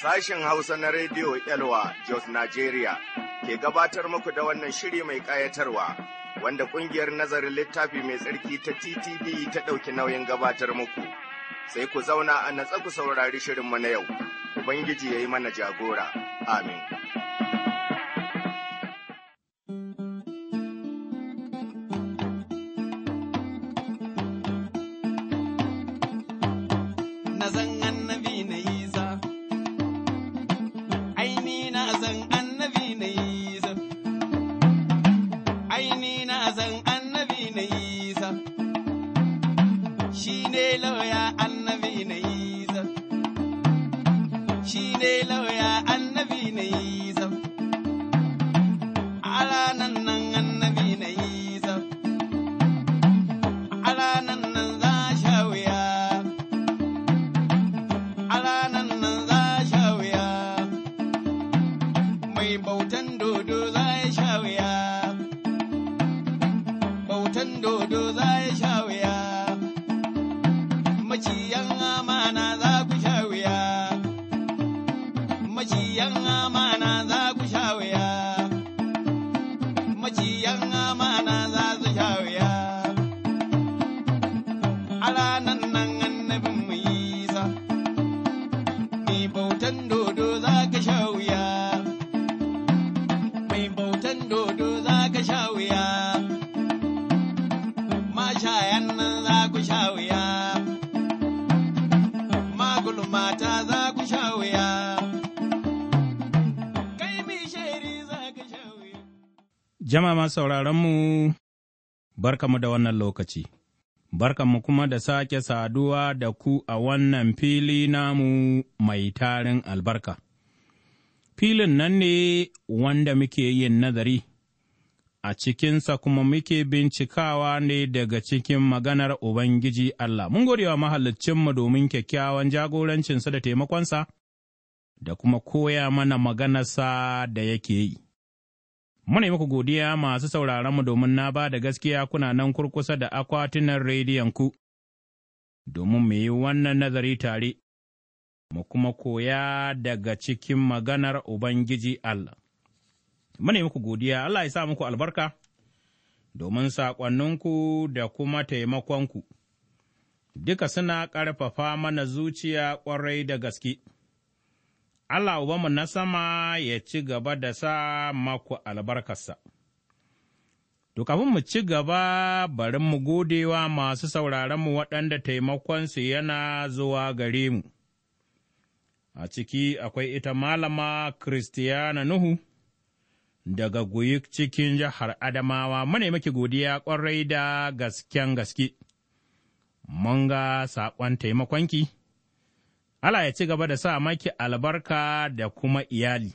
Sashen Hausa na Rediyo Elwa Jos Nigeria ke gabatar muku da wannan shiri mai ƙayatarwa wanda ƙungiyar nazarin littafi mai tsarki ta TTD ta ɗauki nauyin gabatar muku. Sai ku zauna a natsa ku saurari shirinmu na yau, Ubangiji ya yi mana jagora. Amin. Jama'a sauraronmu, mu da wannan lokaci, mu kuma da sake saduwa da ku a wannan fili namu mai tarin albarka. Filin nan ne wanda muke yin nazari, a cikinsa kuma muke bincikawa ne daga cikin maganar Ubangiji Allah. Mun godewa mu domin kyakkyawan jagorancinsa da taimakonsa, da kuma koya mana maganarsa da yake yi. Muna yi muku godiya masu sauraron mu domin na ba da gaskiya kuna nan kurkusa da akwatunan rediyon ku, domin mu yi wannan nazari tare, mu kuma koya daga cikin maganar Ubangiji Allah. Muna yi muku godiya, Allah ya sa muku albarka, domin saƙonninku da kuma taimakonku, duka suna ƙarfafa mana zuciya ƙwarai da gaske. Allah Ubanmu na sama ya ci gaba da sa maku albarkarsa. To, kafin mu ci gaba, bari mu godewa masu sauraronmu waɗanda taimakonsu yana zuwa gare mu. A ciki akwai ita Malama Kiristiyana Nuhu daga goyi cikin jihar Adamawa, yi maki godiya ƙwarai da gasken gaske, mun ga saƙon taimakonki. Allah ya ci gaba da sa maki albarka da kuma iyali.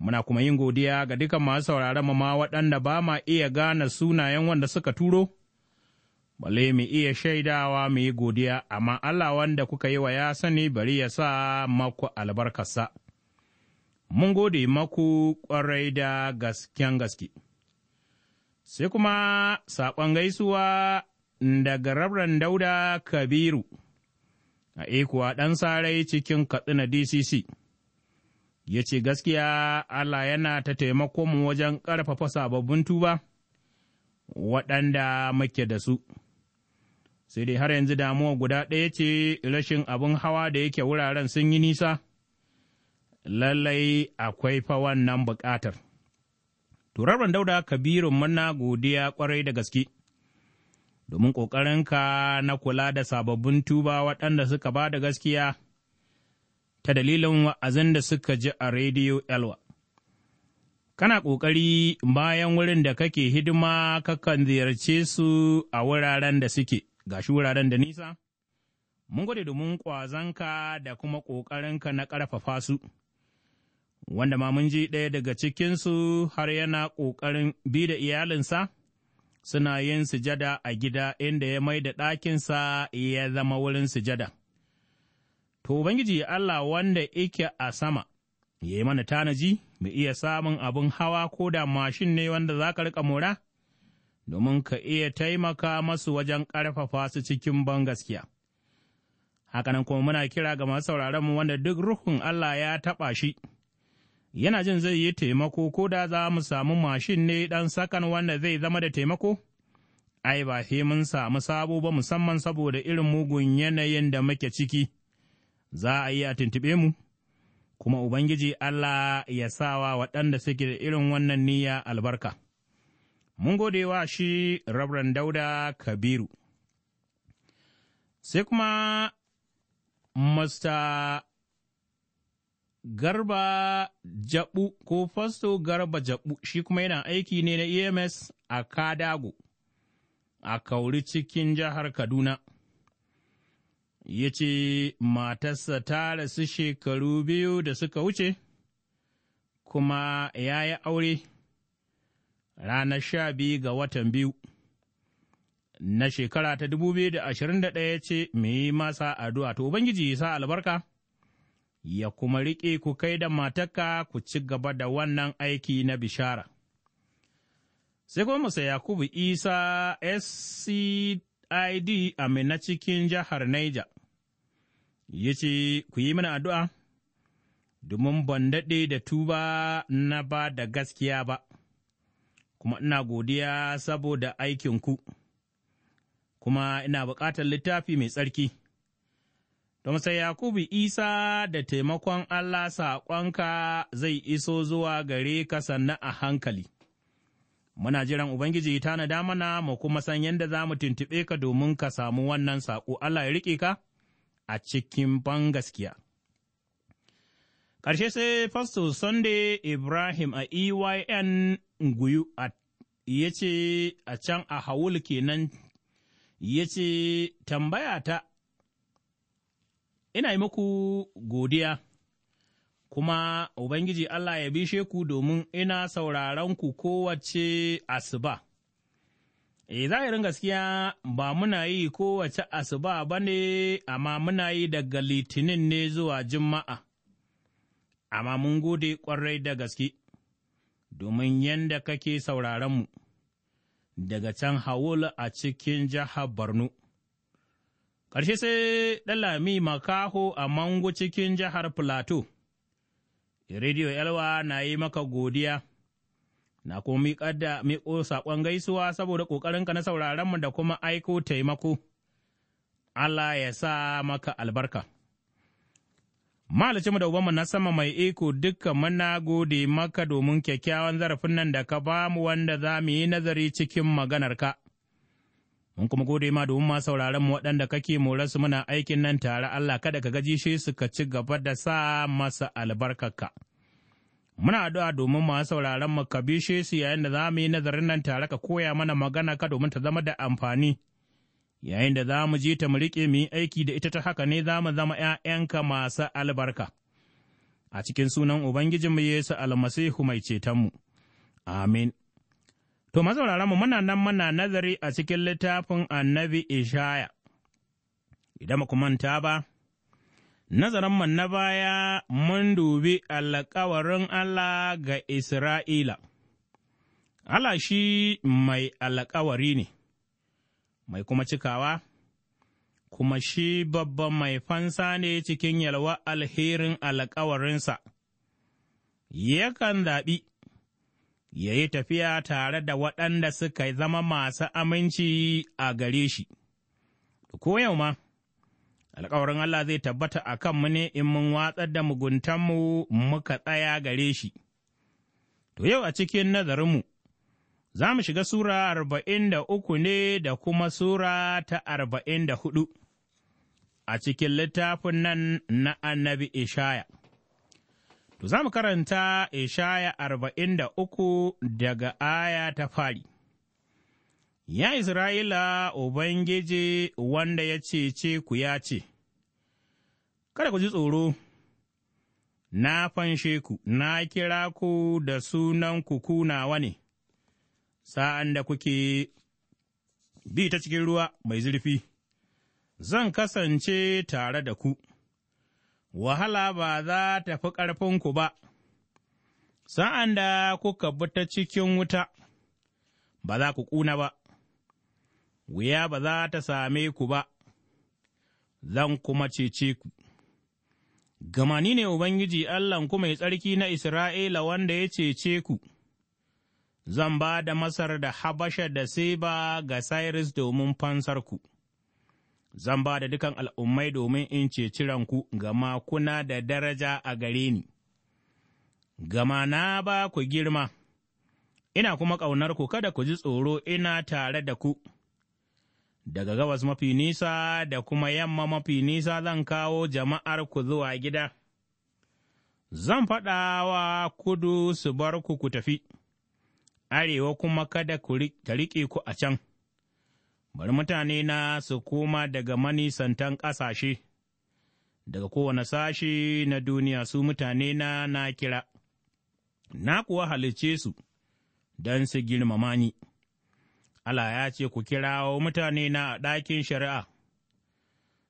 Muna kuma yin godiya ga dukan masu sauraron mu ma waɗanda ba ma iya gane sunayen wanda suka turo, bale mu iya shaidawa mu yi godiya, amma Allah wanda kuka yi wa ya sani bari ya sa maku albarkarsa. Mun gode maku ƙwarai da gasken gaske. Sai kuma saƙon gaisuwa daga Rabran Dauda Kabiru. a e kuwa ɗan sarai cikin katsina DCC. Ya ce gaskiya Allah yana ta taimako mu wajen ƙarfafa sababbin tuba waɗanda muke da su. Sai dai har yanzu damuwa guda ɗaya ce rashin abin hawa da yake wuraren sun yi nisa, lallai akwai fa wannan buƙatar. Turarren dauda kabirin muna godiya ƙwarai da gaske. domin ƙoƙarinka na kula da sababbin tuba waɗanda suka ba da gaskiya ta dalilin wa'azin da suka ji a rediyo Elwa. Kana ƙoƙari bayan wurin da kake hidima kakan ziyarce su a wuraren da suke, gashi wuraren da nisa? Mun gode domin ƙwazanka da kuma ƙoƙarinka na ƙarfafa su, wanda ma mun ji ɗaya daga cikinsu har yana ƙoƙarin bi da iyalinsa? suna yin sujada a gida inda ya mai da ɗakinsa ya zama wurin sujada. To, Ubangiji Allah wanda yake a sama, ya yi mana tanaji, mu iya samun abin hawa ko da mashin ne wanda za ka riƙa mora, domin ka iya taimaka masu wajen ƙarfafa su cikin ban gaskiya. Hakanan kuma muna kira ga masu sauraronmu wanda duk ruhun Allah ya taɓa shi. yana jin zai yi taimako ko da za mu samu mashin ne ɗan sakan wanda zai zama da taimako? Ai, ba sai mun samu sabo ba musamman saboda irin mugun yanayin da muke ciki, za a yi a tuntuɓe mu, kuma Ubangiji Allah ya sawa waɗanda suke da irin wannan niyya albarka. Mun gode wa shi Rabran Dauda Kabiru. Sai kuma Mr. Garba Jabu ko Fasto Garba Jabu shi kuma yana aiki ne na EMS a Kadago, a Kauri cikin jihar Kaduna. Ya ce matarsa ta rasu shekaru biyu da suka wuce, kuma ya yi aure ranar sha biyu ga watan biyu. Na shekara ta dubu biyu da ashirin da ɗaya ce, Me yi masa addu'a, to Ubangiji sa albarka? ya kuma riƙe ku kai da mataka ku ci gaba da wannan aiki na bishara. Sai kuma Musa Yakubu Isa SCID a na cikin jihar Naija, ya ce, Ku yi mana addu'a, domin ban daɗe da tuba na ba da gaskiya ba, kuma ina godiya saboda aikinku, kuma ina buƙatar littafi mai tsarki. Gamsa Yakubu Isa da taimakon Allah saƙonka zai iso zuwa gare ka sannan a hankali. Muna jiran Ubangiji ta na mana mu kuma san yadda za mu tuntuɓe ka domin ka samu wannan saƙo Allah ya riƙe ka a cikin ban gaskiya. Ƙarshe sai Fasto Sunday Ibrahim a EYN Nguyu ya a can a Hawul kenan ya ce tambaya ta ina yi muku godiya, kuma Ubangiji Allah ya bishe ku domin ina sauraron ku kowace asuba. E, zahirin gaskiya ba muna yi kowace asuba ba ne, amma muna yi daga litinin ne zuwa juma'a, amma mun gode ƙwarai da gaske, domin yadda kake sauraronmu daga can Hawul a cikin jihar Borno. Ƙarshe sai ɗalami Makaho a Mango cikin jihar Filato, Rediyo Yalwa na yi maka godiya, na kuma miƙar miƙo saƙon gaisuwa saboda ƙoƙarinka na sauraronmu da kuma aiko taimako, Allah ya sa maka albarka. Mahalicinmu da ubanmu na sama mai iko dukkan mana gode maka domin kyakkyawan zarafin nan da ka ba mu wanda za mu yi nazari cikin maganarka. Mun kuma gode ma domin ma sauraron mu waɗanda kake su muna aikin nan tare Allah kada ka gaji shi suka ci gaba da sa masa albarkarka. Muna addu'a domin ma sauraron mu ka bishe su yayin da za mu yi nazarin nan tare ka koya mana magana ka domin ta zama da amfani. Yayin da za mu je ta mu riƙe mu yi aiki da ita ta haka ne za mu zama ‘ya'yanka masu albarka. A cikin sunan Ubangijinmu Yesu almasihu mai cetonmu. Amin. To, mazauraranmu muna nan muna nazari a cikin littafin annabi Ishaya, idan ku manta ba, nazarinmu na baya mun dubi alƙawarin Allah ga Isra'ila. Allah shi mai alkawari ne, mai kuma cikawa, kuma shi babban mai fansa ne cikin yalwa alherin alkawarinsa, yakan zaɓi. ya yi tafiya tare da waɗanda suka zama masu aminci a gare shi. Ko yau ma, alkawarin Allah zai tabbata a kanmu ne in mun watsar da muguntanmu muka tsaya gare shi. To yau a cikin nazarinmu, za mu shiga Sura arba'in da uku ne da kuma Sura ta arba'in da hudu a cikin littafin nan na annabi Ishaya. To za mu karanta Ishaya arba'in da uku daga aya ta fari. Ya Isra'ila Ubangiji wanda ya cece ku ya ce, Kada ku ji tsoro, na fanshe ku, na kira ku da sunan ku kunawa ne, sa'an da kuke bi ta cikin ruwa mai zurfi, zan kasance tare da ku. wahala ba za ta fi ƙarfinku ba, sa'an da kuka bi ta cikin wuta, ba za ku ƙuna ba, wuya ba za ta same ku ba, zan kuma cece ku. Gama ni ne Ubangiji Allahnku mai tsarki na Isra'ila wanda ya cece ku, zan ba da Masar da Habasha da Seba ga Cyrus domin fansarku. ku. zan ba da dukan al'ummai domin in ceci ranku, gama kuna da daraja a gare ni, gama na ba ku girma, ina kuma ƙaunarku kada ku ji tsoro ina tare da ku. Daga gabas mafi nisa da kuma yamma mafi nisa zan kawo jama'ar ku zuwa gida, zan faɗa wa kudu su bar ku ku tafi, arewa kuma kada ku riƙe ku a can. bari mutane na su koma daga manisantan ƙasashe, daga kowane sashe na duniya su mutane na na kira, na kuwa halicce su don su girmama ni. Allah ya ce ku kirawo mutane na a ɗakin shari'a,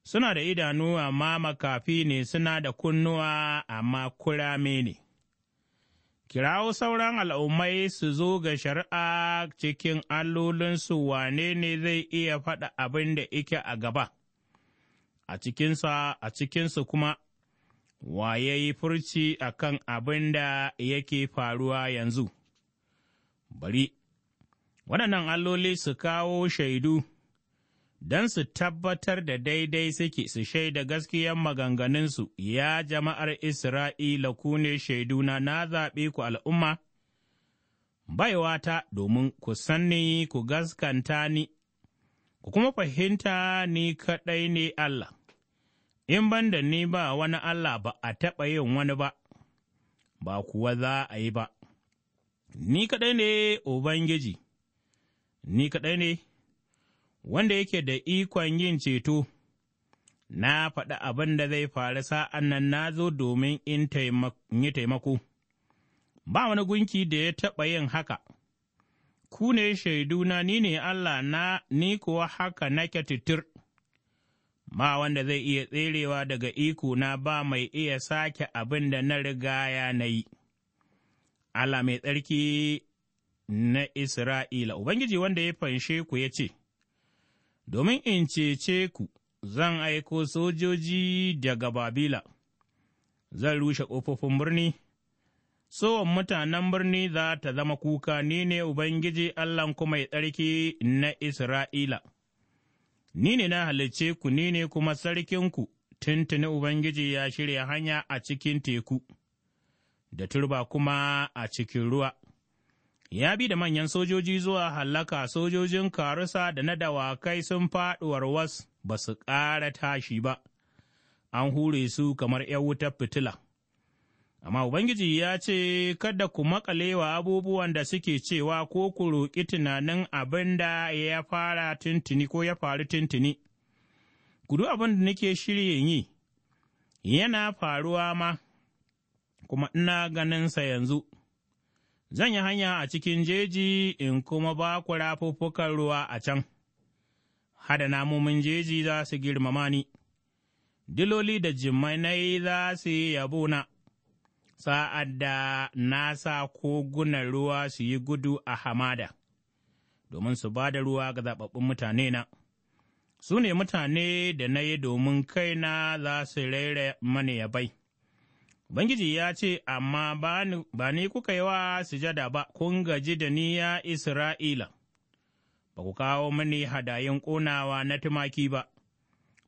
suna da idanu amma makafi ne suna da kunnuwa amma kurame ne. kirawo sauran al'ummai su zo ga shari'a cikin allolinsu wane ne zai iya faɗa abin da ike a gaba, a cikinsa a cikinsu kuma waye yi furci a kan abin da yake faruwa yanzu. Bari, waɗannan alloli su kawo shaidu don su tabbatar da daidai suke su shaida gaskiyar maganganunsu, ya jama'ar Isra'ila ku ne shaiduna na zaɓe ku al'umma, baiwata domin ku sanni ku gaskanta ni, ku kuma fahimta ni kaɗai ne Allah, in ban da ni ba wani Allah ba a taɓa yin wani ba, ba kuwa za a yi ba, ni kaɗai ne Ubangiji, ni kaɗai ne. wanda yake da ikon yin ceto, na faɗi abin da zai faru sa'an nan na zo domin in yi taimako. Ba wani gunki da ya taɓa yin haka, ku ne shaiduna ni ne Allah na ni kuwa haka nake titir. Ba wanda zai iya tserewa daga iko na ba mai iya sake abin da na riga ya na yi. Allah mai tsarki na Isra'ila, Ubangiji wanda ya fanshe ku ya ce, domin in cece ku, zan aiko sojoji daga Babila, zan rushe ƙofofin birni, sowan mutanen birni za ta zama kuka ni ne Ubangiji allah kuma ya tsarki na Isra'ila. Ni ne na halicce ku, ni ne kuma sarkinku, tuntuni Ubangiji ya shirya hanya a cikin teku, da turba kuma a cikin ruwa. ya bi da manyan sojoji zuwa hallaka sojojin karusa da na dawakai sun faɗuwar was ba su ƙara tashi ba, an hure su kamar ‘yan wutar fitila. Amma Ubangiji ya ce, Kada ku makalewa abubuwan da suke cewa ko ku roƙi tunanin abin da ya fara tuntuni ko ya faru tuntuni, ku du abin da nake shirye yi, yana faruwa ma, kuma ina ganinsa yanzu. Zan yi hanya a cikin jeji in kuma ba ku rafuffukan ruwa a can, hada namomin jeji za su girmama ni, diloli da jimanai za su yi yabona, sa'ad da na sa kogunan ruwa su yi gudu a hamada, domin su ba da ruwa ga zaɓaɓɓun mutanena. Su ne mutane da na yi domin kaina za su raira mani yabai. Ubangiji ya ce, Amma ba ni kuka yi wa sujada ba, kun gaji da ni ya Isra'ila, ba ku kawo mini hadayun ƙonawa na tumaki ba,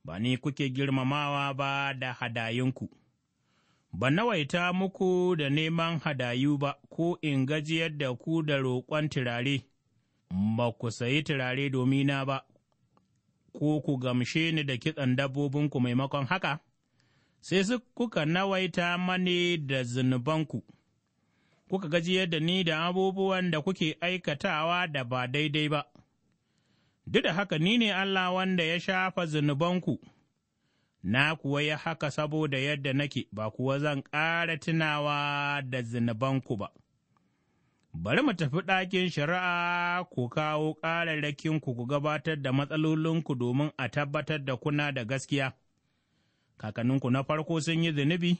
ba ni kuke girmamawa ba da hadayunku. Ba nawaita muku da neman hadayu ba, ko in gaji yadda ku da roƙon turare, ba ku sayi turare domina ba, ko ku gamshe ni da kitson dabbobinku maimakon haka? sai kuka nawaita mani da zunubanku, kuka gajiyar da ni da abubuwan da kuke aikatawa da ba daidai ba, duk da haka ni ne Allah wanda ya shafa zunubanku, na kuwa ya haka saboda yadda nake ba kuwa zan ƙara tunawa da zunubanku ba. Bari mu tafi ɗakin shari'a ku kawo ƙararrakinku ku gabatar da matsalolinku domin a tabbatar da kuna da gaskiya. kakanninku na farko sun yi zunubi,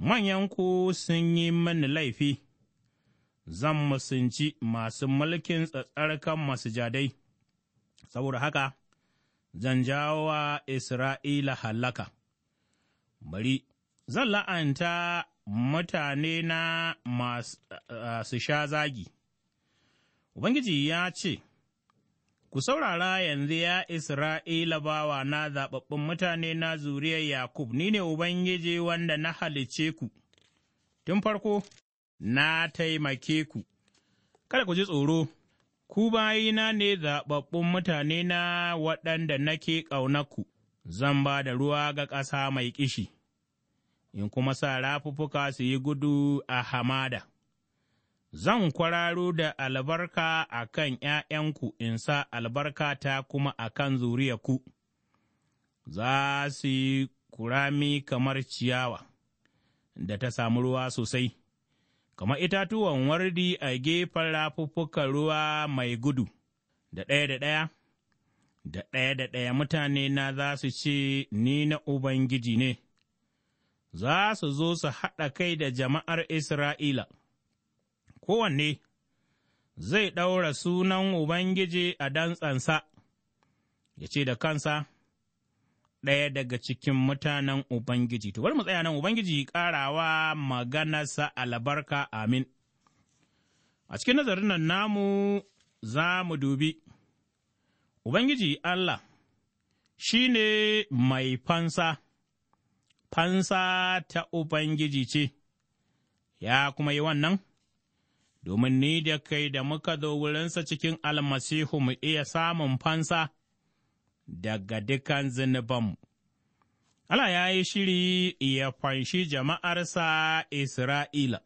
manyanku sun yi mani laifi, zan musunci masu mulkin masu jadai. saboda haka zan jawa Isra'ila hallaka. Bari, zan la'anta mutane na masu eh, sha zagi. Ubangiji ya ce, Ku saurara yanzu ya Isra'ila bawa na zaɓaɓɓun mutane na zuriyar Yakub, ni ne Ubangiji wanda na halicce ku, tun farko na taimake ku, kada ku ji tsoro, ku bayina ne zaɓaɓɓun mutane na waɗanda nake ƙaunaku, zan ba da ruwa ga ƙasa mai ƙishi, in kuma sa rafuffuka su yi gudu a hamada. Zan kwararo da albarka a kan ’ya'yanku in sa albarkata kuma a kan zuriyaku, za su yi kurami kamar ciyawa da ta samu ruwa sosai, kamar itatuwan wardi a gefen rafuffukan ruwa mai gudu, da ɗaya da ɗaya, da ɗaya da ɗaya mutane na za su ce, Ni na Ubangiji ne, za su zo su haɗa kai da jama'ar Isra'ila. kowanne, zai ɗaura sunan Ubangiji a dantsansa, ya ce da kansa, ɗaya daga cikin mutanen Ubangiji. To, bari mu tsaya nan Ubangiji ƙarawa maganarsa albarka amin. A cikin nazarin nan namu za mu dubi, Ubangiji Allah shi ne mai fansa, fansa ta Ubangiji ce, ya kuma yi wannan? domin ni da kai da muka zo wurinsa cikin almasihu mu iya samun fansa daga dukan zunubanmu. Allah ya yi shiri ya fanshi jama'arsa Isra'ila.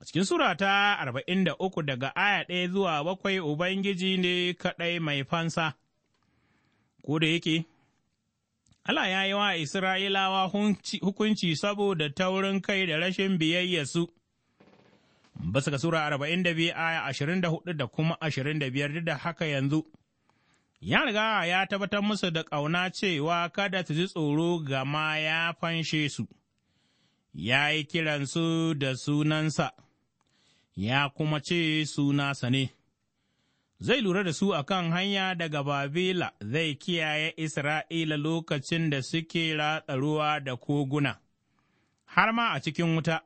A cikin Sura ta arba'in da uku daga aya ɗaya zuwa bakwai Ubangiji ne kaɗai mai fansa, ko da yake, Allah ya yi wa Isra'ilawa hukunci saboda taurin kai da rashin biyayyarsu. su. bisa ga Sura arba'in da biyu aya ashirin da hudu da kuma ashirin da biyar da haka yanzu. Ya riga ya tabbatar musu da ƙauna cewa kada su ji tsoro gama ya fanshe su, ya yi kiransu da sunansa, ya kuma ce sunasa ne. Zai lura da su a kan hanya daga Babila zai kiyaye Isra'ila lokacin da suke ratsa ruwa da koguna, har ma a cikin wuta.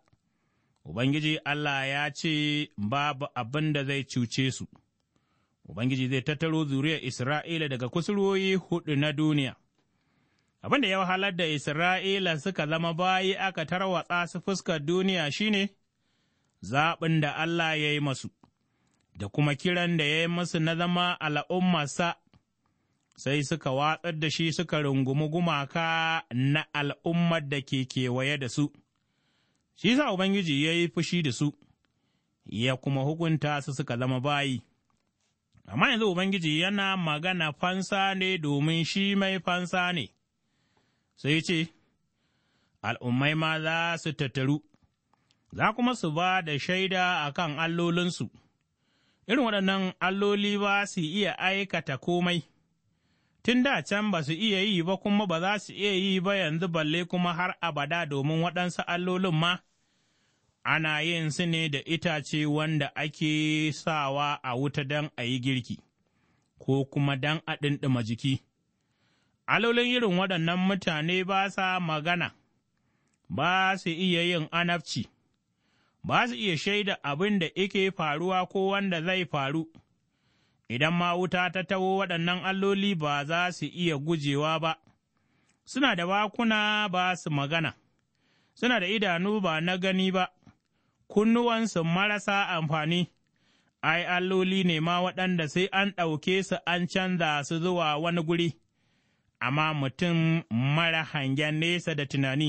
Ubangiji Allah ya ce babu abin da zai cuce su, Ubangiji zai tattaro zuriyar Isra'ila daga kusurwoyi hudu na duniya. Abin da ya wahalar da Isra'ila suka zama bayi aka tarwatsa su fuskar duniya shine zaɓin da Allah ya yi masu, da kuma kiran da ya yi masu na zama al'ummarsa, sai suka watsar da shi suka rungumi gumaka na al'ummar da ke kewaye da su. shi sa Ubangiji ya yi fushi da su, ya kuma hukunta su suka zama bayi. Amma yanzu Ubangiji yana magana fansa ne domin shi mai fansa ne, sai ce, Al'ummai ma za su tattaru, za kuma su ba da shaida a kan allolinsu, irin waɗannan alloli ba su iya aikata komai. tun da can ba su iya yi ba kuma ba za su iya yi ba yanzu balle kuma har abada domin waɗansu allolin ma, ana yin su ne da itace wanda ake sawa a wuta don a yi girki, ko kuma don a ɗinɗima jiki. Allolin irin waɗannan mutane ba sa magana, ba su iya yin anabci, ba su iya shaida abin da ike faruwa ko wanda zai faru. idan ma wuta ta tawo waɗannan alloli ba za su iya gujewa ba, suna da bakuna ba su magana, suna da idanu ba na gani ba, kunnuwansu marasa amfani, ai, alloli ne ma waɗanda sai an ɗauke su an canza su zuwa wani guri, amma mutum mara hangen nesa da tunani.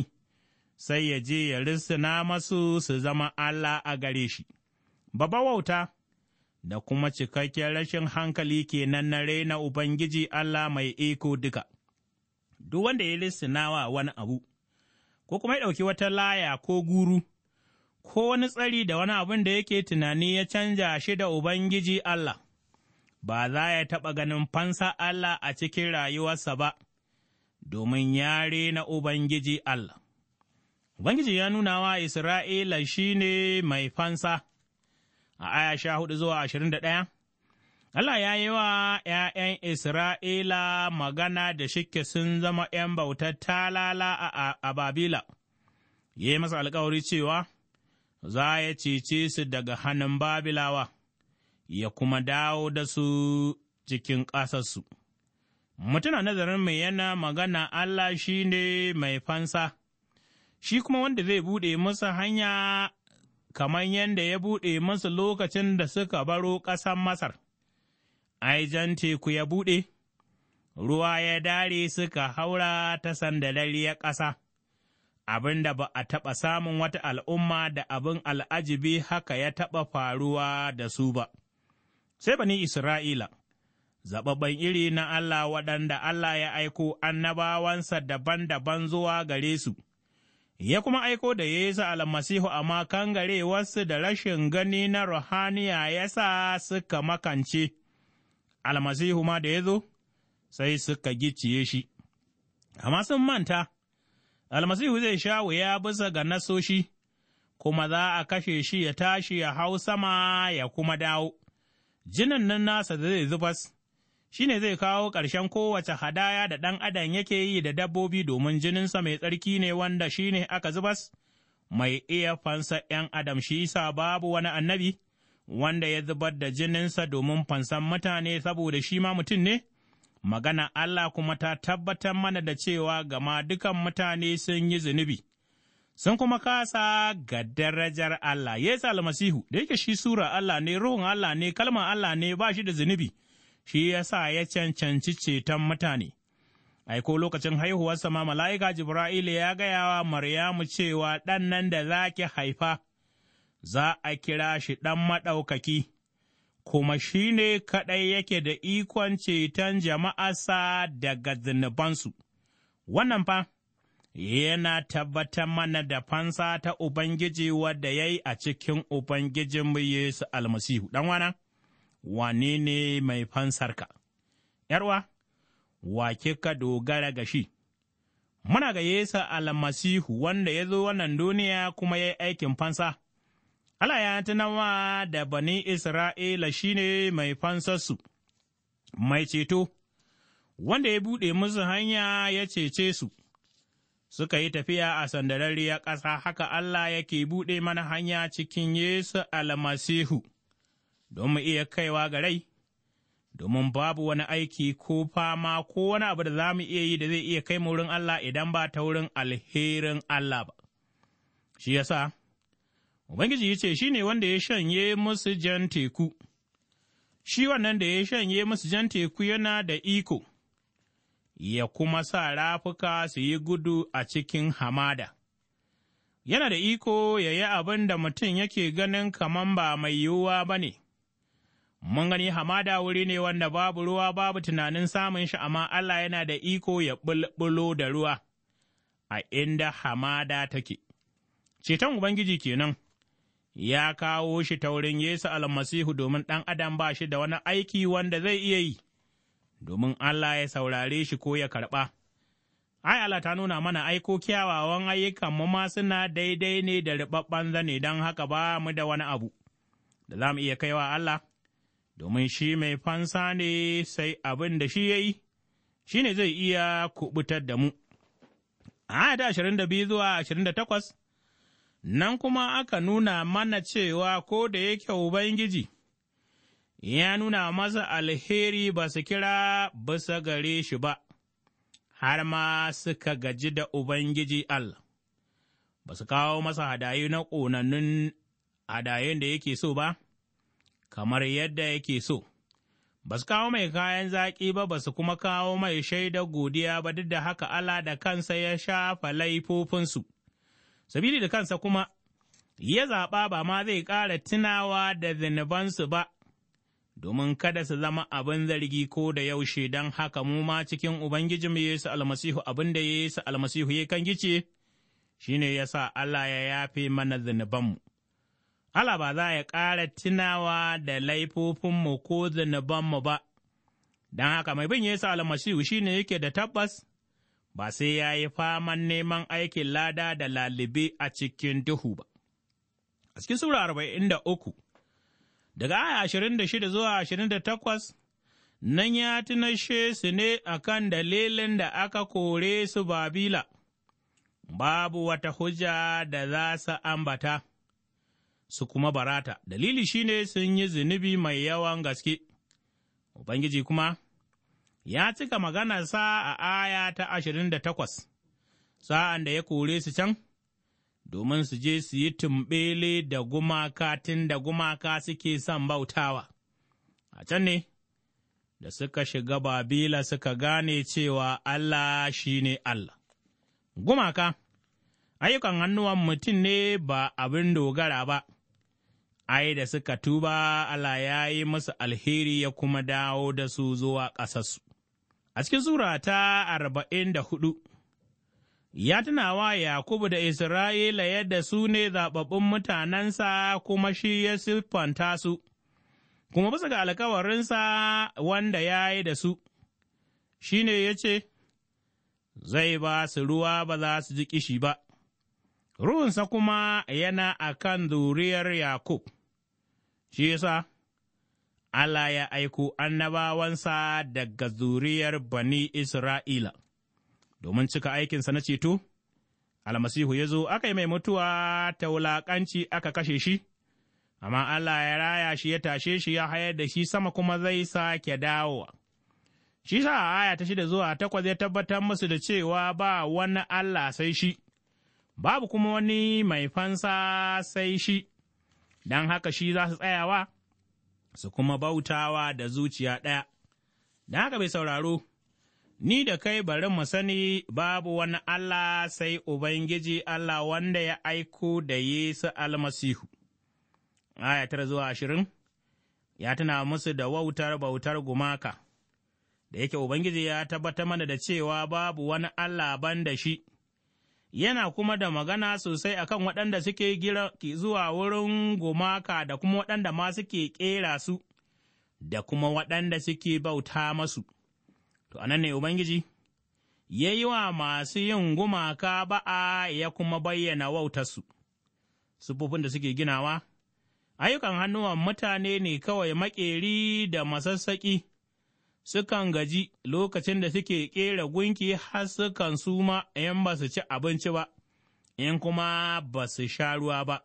Sai ya je ya risina masu su zama Allah a gare shi, babawauta wauta. da kuma cikakken rashin hankali kenan na raina Ubangiji Allah mai iko duka. Duk wanda ya lissinawa wani abu, ko kuma ya ɗauki wata laya ko guru, ko wani tsari da wani abin da yake tunani ya canja shi da Ubangiji Allah, ba za ya taɓa ganin fansa Allah a cikin rayuwarsa ba, domin ya na Ubangiji Allah. Ubangiji ya nuna wa Isra'ila shi ne mai fansa. a aya sha hudu zuwa ashirin da ɗaya? Allah ya yi wa ’ya'yan Isra'ila magana da shike sun zama ’yan bautar talala a Babila, ya yi masa alkawari cewa, Za ya cece su daga hannun Babilawa, ya kuma dawo da su cikin ƙasarsu. Mutuna nazarin mai yana magana Allah shi ne mai fansa, shi kuma wanda zai buɗe musu hanya kamar yadda ya buɗe masu lokacin da suka baro ƙasar Masar. Ai, jan teku ya buɗe, ruwa ya dare suka haura ta sandalariyar ƙasa, abin da ba a taɓa samun wata al'umma da abin al'ajibi haka ya taɓa faruwa da su ba. Sai bani Isra'ila, zaɓaɓɓen iri na Allah waɗanda Allah ya aiko annabawansa daban-daban zuwa gare su. ya kuma aiko da Yesu almasihu amma kangarewarsu da rashin gani na ruhaniya ya sa suka makance, almasihu ma da ya zo, sai suka gicciye shi, amma sun manta, almasihu zai sha wuya bisa ga nasoshi, kuma za a kashe shi ya tashi ya hau sama ya kuma dawo, jinan nan nasa zai zubas. Shi ne zai kawo ƙarshen kowace hadaya da ɗan adam yake yi da dabbobi domin jininsa mai tsarki ne wanda shi ne aka zubas, mai iya fansa ’yan adam shi isa babu wani annabi, wanda ya zubar da jininsa domin fansan mutane saboda shi ma mutum ne? Magana Allah kuma ta tabbatar mana da cewa gama dukan mutane sun yi zunubi. sun kuma kasa ga darajar Allah, Yesu almasihu, da yake shi sura Allah ne, ruhun Allah ne, kalmar Allah ne, ba shi da zunubi, shi ya sa ya cancanci ceton mutane. Aiko lokacin haihuwarsa ma mala'ika Jibra'ilu ya gaya wa Maryamu cewa ɗan nan da za ki haifa, za a kira shi ɗan maɗaukaki, kuma shi ne kaɗai yake da ikon ceton jama'arsa daga zunubansu. Wannan fa, yana tabbatar mana da fansa ta Ubangiji wadda ya yi a cikin Ubangijinmu Yesu almasihu, ɗan wana? wane ne mai fansarka, ’yarwa, wake ka dogara ga shi, muna ga Yesu almasihu wanda ya zo wannan duniya kuma ya yi aikin fansa. Allah ya tunawa da bani Isra'ila shi ne mai fansarsu, mai ceto, wanda ya buɗe musu hanya ya cece su, suka yi tafiya a sandararriya ƙasa haka Allah yake buɗe mana hanya cikin Yesu almasihu. don mu iya kaiwa ga rai, domin babu wani aiki ko fama ko wani abu da za mu iya yi da zai iya kai mu wurin Allah idan ba ta wurin alherin Allah ba. Shi yasa, Ubangiji ya ce shi ne wanda ya shanye musu jan teku, shi wannan da ya shanye musu jan teku yana da iko, ya kuma sa rafuka su yi gudu a cikin hamada. yana da iko ya yi abin da mutum yake ganin kaman ba mai yiwuwa ba ne, Mun gani hamada wuri ne wanda babu ruwa babu tunanin samun shi amma Allah yana da iko ya bulbulo da ruwa a inda hamada take. Ceton Ubangiji kenan, ya kawo shi ta wurin Yesu almasihu domin ɗan adam ba shi da wani aiki wanda zai iya yi, domin Allah ya saurare shi ko ya karɓa. Ai, Allah ta nuna mana aiko kyawawan ayyukan mu ma suna daidai ne da riɓaɓɓen zane don haka ba mu da wani abu da za mu iya kaiwa Allah. domin shi mai fansa ne sai abin da shi ya yi, shi ne zai iya kubutar da mu. A da ashirin da biyu zuwa ashirin da takwas, nan kuma aka nuna mana cewa ko da yake Ubangiji, ya nuna masa alheri ba su kira bisa gare shi ba, har ma suka gaji da Ubangiji Allah, ba su kawo masa hadayu na ƙonannun hadayen da yake so ba. kamar yadda yake so. Ba su kawo mai kayan zaƙi ba, ba su kuma kawo mai shaida godiya ba duk da haka Allah da kansa ya shafa laifofinsu. Sabili da kansa kuma, ya zaɓa ba ma zai ƙara tunawa da zinubansu ba, domin kada su zama abin zargi ko da yaushe don haka mu ma cikin Ubangijinmu Yesu almasihu abin da Yesu almasihu ya kan gice, shi ne ya Allah ya yafe mana zinubanmu. Allah ba za ya ƙara tunawa da laifofinmu ko zunubanmu ba, don haka mai bin Yesu almasihu shi ne yake da tabbas, ba sai ya yi faman neman aikin lada da lalibe a cikin duhu ba. A cikin Sura arba'in da uku, daga aya ashirin da shida zuwa ashirin da takwas, nan ya tunashe su ne a kan dalilin da aka kore su Babila, babu wata hujja da za su ambata. su kuma barata, dalili shine sun yi zunubi mai yawan gaske. Ubangiji kuma ya cika maganarsa a aya ta ashirin da takwas, sa'an da ya kore su can, domin su je su yi tumbele da gumaka tun da gumaka suke son bautawa. A can ne, da suka shiga Babila suka gane cewa Allah shi ne Allah. Gumaka, ayyukan hannuwan mutum ne ba abin dogara ba. ai, da suka tuba Allah ya yi musu alheri ya kuma dawo da su zuwa ƙasarsu. A cikin Sura ta arba'in da hudu, ya tunawa Yakubu da Isra'ila yadda su ne zaɓaɓɓun mutanensa kuma shi ya siffanta su, kuma bisa ga alkawarinsa wanda ya yi da su, shi ne ya ce, Zai ba su ruwa ba za su ji kishi ba. ruhunsa kuma yana a kan zuriyar Yakubu. Shi yasa, Allah ya aiko annabawansa daga zuriyar Bani Isra'ila, domin cika aikinsa na ceto, almasihu ya zo aka yi mai mutuwa ta wulaƙanci aka kashe shi, amma Allah ya raya shi ya tashe shi ya hayar da shi sama kuma zai sake dawowa. Shi sa a aya ta shida zuwa takwas ya tabbatar musu da cewa ba wani Allah sai shi, babu kuma wani mai fansa sai shi. don haka shi za su tsayawa, su kuma bautawa da zuciya ɗaya. Don haka bai sauraro, ni da kai bari mu sani babu wani Allah sai Ubangiji Allah wanda ya aiko da Yesu almasihu. Aya tara zuwa ashirin, ya tuna musu da wautar bautar gumaka, da yake Ubangiji ya tabbatar mana da cewa babu wani Allah ban da shi. yana kuma da magana sosai akan waɗanda suke zuwa wurin gumaka da kuma waɗanda ma suke ƙera su, da kuma waɗanda suke bauta masu. To, anan ne Ubangiji, ya yi wa masu yin gumaka ba'a ya kuma bayyana wautarsu, sufufin da suke ginawa, ayyukan hannuwan mutane ne kawai maƙeri da masassaƙi, sukan gaji lokacin da suke ƙera gunki har sukan suma in ba su ci abinci ba, in kuma ba su sha ruwa ba.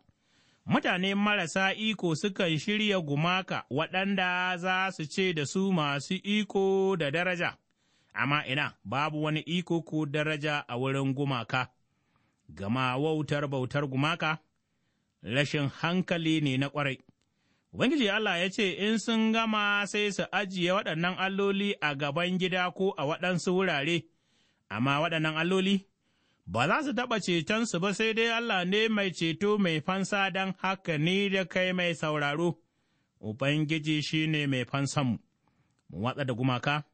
Mutane marasa iko sukan shirya gumaka waɗanda za su ce da su masu iko da daraja, amma ina babu wani iko ko daraja a wurin gumaka, gama wautar bautar gumaka, rashin hankali ne na ƙwarai. Ubangiji Allah ya ce, In sun gama sai su ajiye waɗannan alloli a gaban gida ko a waɗansu wurare, amma waɗannan alloli ba za su taɓa cetonsu ba sai dai Allah ne mai ceto mai fansa don haka ni da kai mai sauraro, Ubangiji shi ne mai fansanmu, mu watsa da gumaka,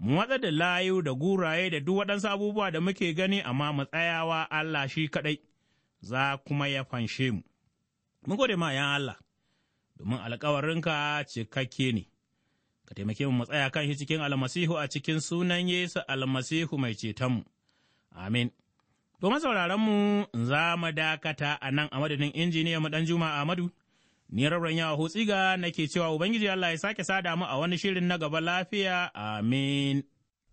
mu watsa da layu da guraye da duk waɗansu abubuwa da muke gani amma mu tsayawa Allah shi kaɗai, za kuma ya fanshe mu. Mun gode ma Allah. domin alkawarinka cikakke ne. Ka taimake mu matsaya kan shi cikin almasihu a cikin sunan Yesu almasihu mai cetonmu. Amin. Domin sauraronmu za mu dakata a nan a madadin injiniya mu ɗan Juma Ahmadu. Ni rabran yawa ga nake cewa Ubangiji Allah ya sake sada mu a wani shirin na gaba lafiya. Amin.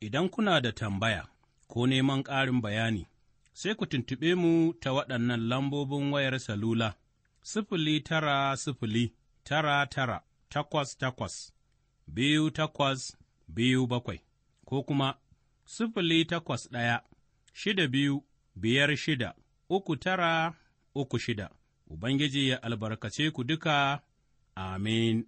Idan kuna da tambaya ko neman ƙarin bayani, sai ku tuntuɓe mu ta waɗannan lambobin wayar salula, sifili tara sifili. tara tara takwas takwas biyu takwas biyu bakwai ko kuma sifili takwas ɗaya shida biyu biyar shida uku tara uku shida Ubangiji ya albarkace ku duka, amin.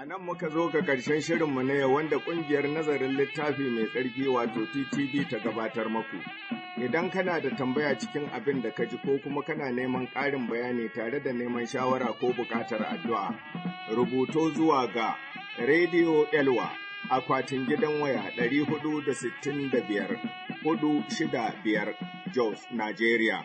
A nan muka zo ga ƙarshen shirinmu na yau wanda ƙungiyar nazarin littafi mai tsarki wato TTD ta gabatar maku. Idan kana da tambaya cikin abin da ka ji ko kuma kana neman ƙarin bayani tare da neman shawara ko buƙatar addu'a, rubuto zuwa ga Radio Elwa akwatin gidan waya 465 465 Jos, Nigeria.